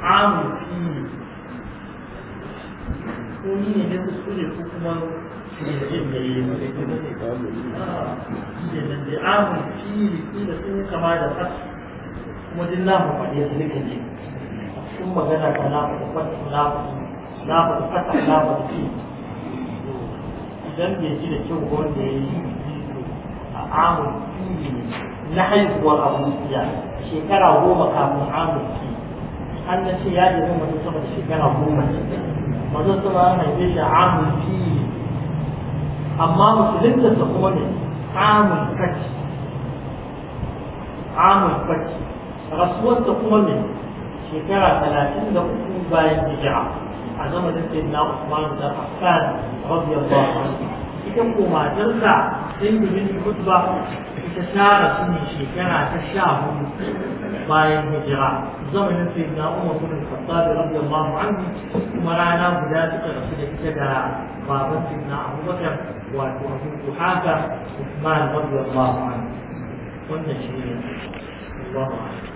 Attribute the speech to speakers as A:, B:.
A: amu fi ko ni ne na kuskure ko kuma kenan da amu fi kila sun yi kama da fasu kuma duk na mu faɗi su duka ne sun magana ta na faɗi fasu na faɗi na faɗi fasu na faɗi fi idan bai ji da kyau ba wanda ya yi a amu na haihuwar abu shekara goma kafin amu an na ce ya zama masu sama da shekara goma ce mazo sama an haife shi amun fi amma musulunta kuma ne amun kaci amun kaci rasuwarta kuma ne shekara talatin da uku bayan hijira a zamanin sayyidina Usman da Affan radiyallahu anhu ita ko matarsa sai yi bin kutba ita tara rasu ne shekara ta sha hudu bayan hijira zamanin sai na umar bin khattab radiyallahu anhu kuma rana guda suka rasu da ita da baban sai na abubakar wato abu duhaka usman radiyallahu anhu wannan shi ne Allahu